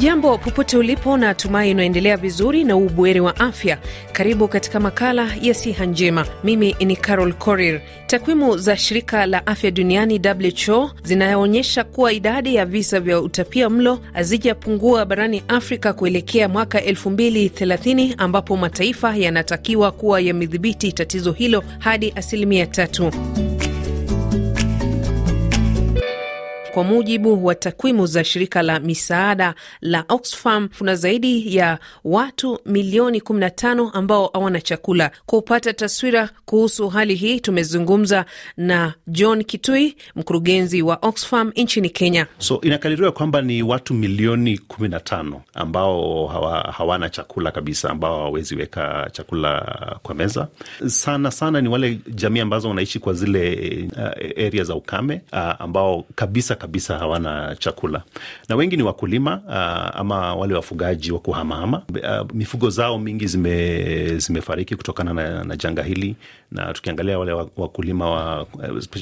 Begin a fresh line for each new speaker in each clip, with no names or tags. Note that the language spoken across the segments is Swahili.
Hujambo popote ulipo, na tumai unaendelea vizuri na ubweri wa afya. Karibu katika makala ya siha njema. Mimi ni Carol Korir. Takwimu za shirika la afya duniani WHO zinaonyesha kuwa idadi ya visa vya utapia mlo hazijapungua barani Afrika kuelekea mwaka 2030 ambapo mataifa yanatakiwa kuwa yamedhibiti tatizo hilo hadi asilimia tatu. Kwa mujibu wa takwimu za shirika la misaada la Oxfam, kuna zaidi ya watu milioni 15 ambao hawana chakula. Kupata taswira kuhusu hali hii, tumezungumza na John Kitui, mkurugenzi wa Oxfam nchini Kenya.
So inakadiriwa kwamba ni watu milioni 15 ambao hawa, hawana chakula kabisa, ambao hawawezi weka chakula kwa meza. Sana sana ni wale jamii ambazo wanaishi kwa zile uh, eh, area za ukame uh, ambao kabisa kabisa hawana chakula, na wengi ni wakulima uh, ama wale wafugaji wa kuhamahama uh, mifugo zao mingi zime, zimefariki kutokana na, na janga hili, na tukiangalia wale wakulima wa,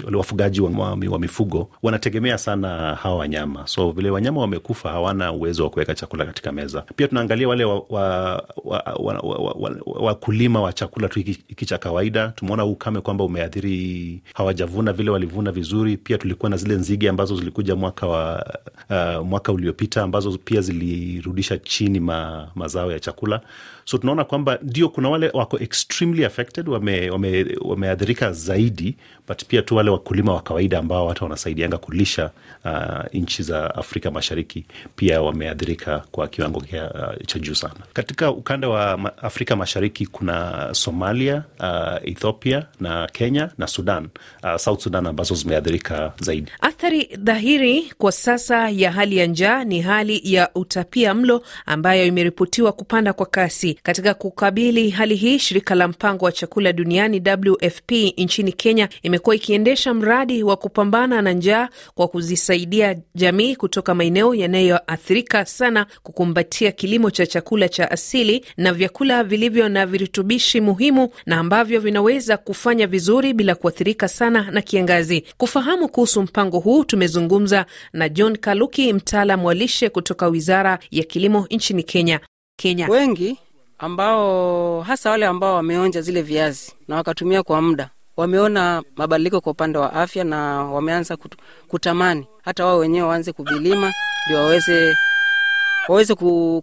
wale wafugaji wa, wa mifugo wanategemea sana hawa wanyama, so vile wanyama wamekufa hawana uwezo wa kuweka chakula katika meza. Pia tunaangalia wale wakulima wa, wa, wa, wa, wa, wa, wa chakula tu hiki cha kawaida. Tumeona ukame kwamba umeathiri, hawajavuna vile walivuna vizuri. Pia tulikuwa na zile nzige ambazo zilikuja mwaka wa uh, mwaka uliopita ambazo pia zilirudisha chini ma, mazao ya chakula So tunaona kwamba ndio kuna wale wako extremely affected, wameathirika wame, wame zaidi, but pia tu wale wakulima wa kawaida ambao hata wanasaidianga kulisha uh, nchi za Afrika Mashariki pia wameathirika kwa kiwango uh, cha juu sana. Katika ukanda wa Afrika Mashariki kuna Somalia, uh, Ethiopia na Kenya na Sudan, uh, South Sudan ambazo zimeathirika zaidi.
Athari dhahiri kwa sasa ya hali ya njaa ni hali ya utapia mlo ambayo imeripotiwa kupanda kwa kasi katika kukabili hali hii, shirika la mpango wa chakula duniani WFP nchini Kenya imekuwa ikiendesha mradi wa kupambana na njaa kwa kuzisaidia jamii kutoka maeneo yanayoathirika sana kukumbatia kilimo cha chakula cha asili na vyakula vilivyo na virutubishi muhimu na ambavyo vinaweza kufanya vizuri bila kuathirika sana na kiangazi. Kufahamu kuhusu mpango huu, tumezungumza na John Kaluki, mtaalam wa lishe kutoka Wizara ya Kilimo nchini Kenya. Kenya wengi
ambao hasa wale ambao wameonja zile viazi na wakatumia kwa muda wameona mabadiliko kwa upande wa afya na wameanza kutamani hata wao wenyewe waanze kuvilima ndio waweze waweze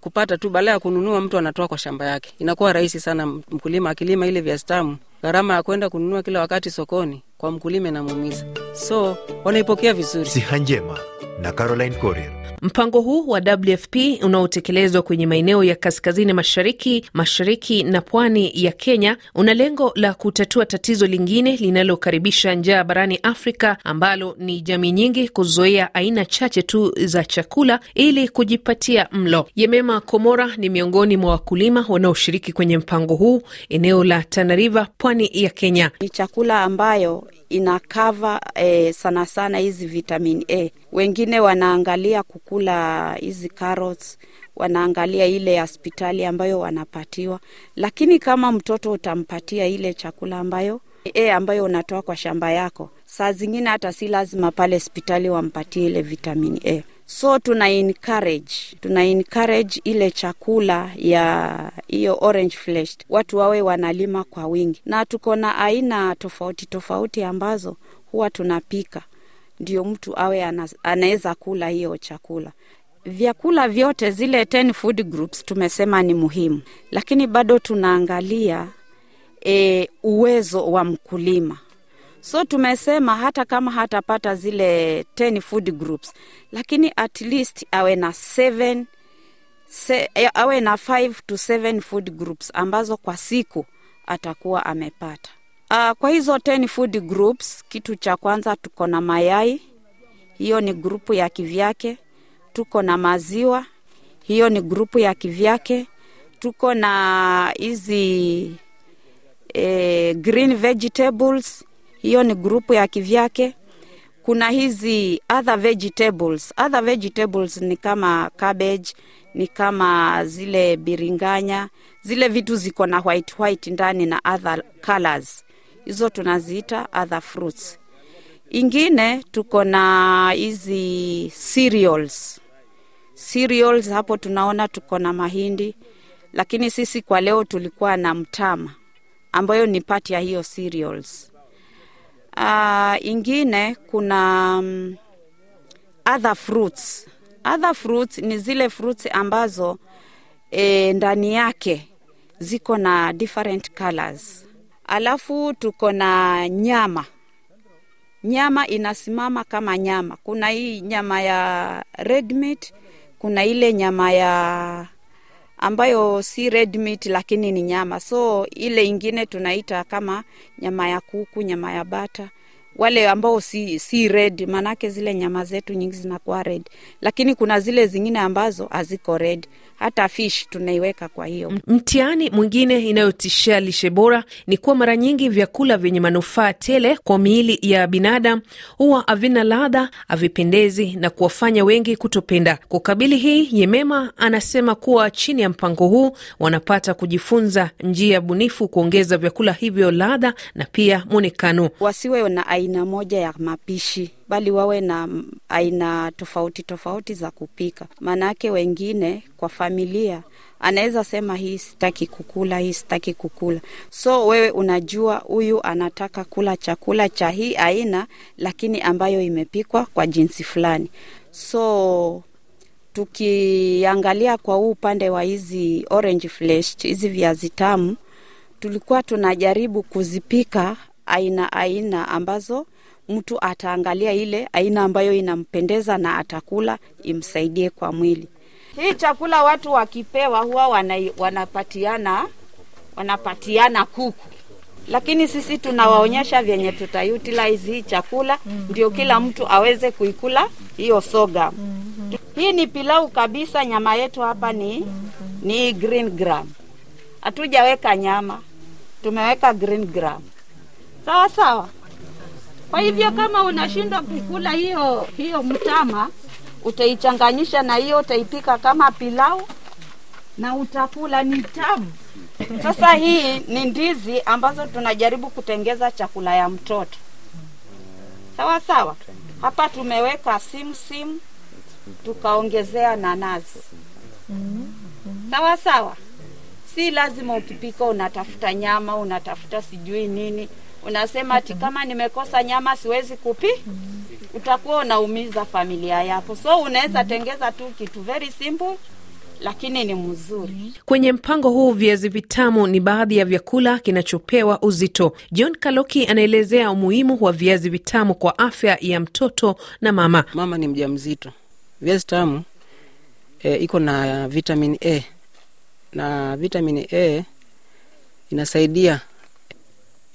kupata tu baada ya kununua mtu anatoa kwa shamba yake inakuwa rahisi sana mkulima akilima ile viazi tamu gharama ya kwenda kununua kila wakati sokoni kwa mkulima inamuumiza, so wanaipokea vizuri.
Siha njema na Caroline Corrier.
Mpango huu wa WFP unaotekelezwa kwenye maeneo ya kaskazini mashariki, mashariki na pwani ya Kenya una lengo la kutatua tatizo lingine linalokaribisha njaa barani Afrika, ambalo ni jamii nyingi kuzoea aina chache tu za chakula ili kujipatia mlo. Yemema Komora ni miongoni mwa
wakulima wanaoshiriki kwenye mpango huu eneo la Tanariva, pwani ya Kenya. Ni chakula ambayo inakava e, eh, sana sana hizi vitamin A. Wengine wanaangalia kukula hizi carrots, wanaangalia ile ya hospitali ambayo wanapatiwa, lakini kama mtoto utampatia ile chakula ambayo e, ambayo unatoa kwa shamba yako, saa zingine hata si lazima pale hospitali wampatie ile vitamin A so tuna encourage tuna encourage ile chakula ya hiyo orange fleshed watu wawe wanalima kwa wingi, na tuko na aina tofauti tofauti ambazo huwa tunapika, ndio mtu awe anaweza kula hiyo chakula. Vyakula vyote zile 10 food groups tumesema ni muhimu, lakini bado tunaangalia e, uwezo wa mkulima So tumesema hata kama hatapata zile 10 food groups, lakini at least awe na 7 se, awe na 5 to 7 food groups ambazo kwa siku atakuwa amepata. Uh, kwa hizo 10 food groups, kitu cha kwanza tuko na mayai, hiyo ni grupu ya kivyake. Tuko na maziwa, hiyo ni grupu ya kivyake. Tuko na hizi eh, green vegetables hiyo ni grupu ya kivyake. Kuna hizi other vegetables. Other vegetables ni kama cabbage, ni kama zile biringanya, zile vitu ziko na white white ndani na other colors, hizo tunaziita other fruits. Ingine tuko na hizi cereals. Cereals hapo tunaona tuko na mahindi, lakini sisi kwa leo tulikuwa na mtama ambayo ni pati ya hiyo cereals. Uh, ingine kuna um, other fruits. Other fruits ni zile fruits ambazo e, ndani yake ziko na different colors. Alafu tuko na nyama. Nyama inasimama kama nyama. Kuna hii nyama ya red meat, kuna ile nyama ya ambayo si red meat lakini ni nyama. So ile ingine tunaita kama nyama ya kuku, nyama ya bata wale ambao si, si red, maanake zile nyama zetu nyingi zinakuwa red, lakini kuna zile zingine ambazo haziko red. Hata fish tunaiweka. Kwa hiyo
mtiani mwingine inayotishia lishe bora ni kuwa mara nyingi vyakula vyenye manufaa tele kwa miili ya binadam huwa havina ladha, havipendezi na kuwafanya wengi kutopenda. kwa kabili hii, Yemema anasema kuwa chini ya mpango huu wanapata kujifunza njia bunifu kuongeza vyakula hivyo ladha na pia mwonekano,
wasiwe na aina moja ya mapishi, bali wawe na aina tofauti tofauti za kupika. maanaake wengine kwa familia anaweza sema hii sitaki kukula, hii sitaki kukula. So wewe unajua huyu anataka kula chakula cha hii aina, lakini ambayo imepikwa kwa jinsi fulani. So tukiangalia kwa huu upande wa hizi orange flesh, hizi viazi tamu tulikuwa tunajaribu kuzipika aina aina ambazo mtu ataangalia ile aina ambayo inampendeza na atakula imsaidie kwa mwili. Hii chakula watu wakipewa huwa wana, wanapatiana wanapatiana kuku, lakini sisi tunawaonyesha vyenye tutautilize hii chakula mm-hmm. ndio kila mtu aweze kuikula hiyo soga. Mm-hmm. Hii ni pilau kabisa, nyama yetu hapa ni mm-hmm. ni green gram, hatujaweka nyama, tumeweka green gram sawa sawa. Kwa hivyo kama unashindwa kukula hiyo hiyo mtama, utaichanganyisha na hiyo, utaipika kama pilau na utakula, ni tamu. Sasa hii ni ndizi ambazo tunajaribu kutengeza chakula ya mtoto, sawa sawa. Hapa tumeweka sim, tukaongezea nanasi, sawa sawa. Si lazima ukipika unatafuta nyama, unatafuta sijui nini unasema ati mhm. kama nimekosa nyama siwezi kupi, mhm. utakuwa unaumiza familia yako. So unaweza mhm. tengeza tu kitu very simple lakini ni mzuri.
Kwenye mpango huu, viazi vitamu ni baadhi ya vyakula kinachopewa uzito. John Kaloki anaelezea
umuhimu wa viazi vitamu kwa afya ya mtoto na mama. Mama ni mja mzito viazi tamu e, eh, iko na vitamin A na vitamin A inasaidia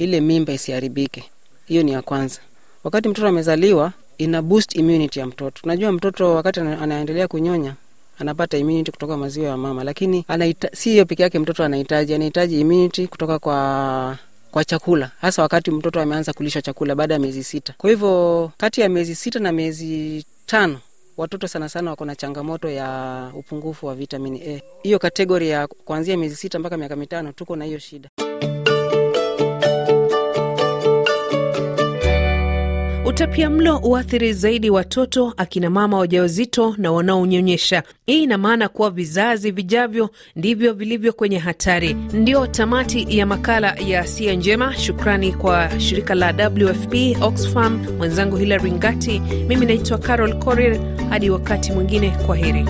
ile mimba isiharibike. Hiyo ni ya kwanza. Wakati mtoto amezaliwa, ina boost immunity ya mtoto. Unajua mtoto wakati anaendelea kunyonya anapata immunity kutoka maziwa ya mama, lakini anaita, si hiyo peke yake mtoto anahitaji, anahitaji immunity kutoka kwa kwa chakula, hasa wakati mtoto ameanza kulishwa chakula baada ya miezi sita. Kwa hivyo kati ya miezi sita na miezi tano watoto sana sana wako na changamoto ya upungufu wa vitamin A. Hiyo kategori ya kuanzia miezi sita mpaka miaka mitano tuko na hiyo shida.
Utapia mlo huathiri zaidi watoto, akina mama wajawazito na wanaonyonyesha. Hii ina maana kuwa vizazi vijavyo ndivyo vilivyo kwenye hatari. Ndiyo tamati ya makala ya Sia Njema. Shukrani kwa shirika la WFP, Oxfam, mwenzangu Hilary Ngati. Mimi naitwa Carol Korir. Hadi wakati mwingine, kwa heri.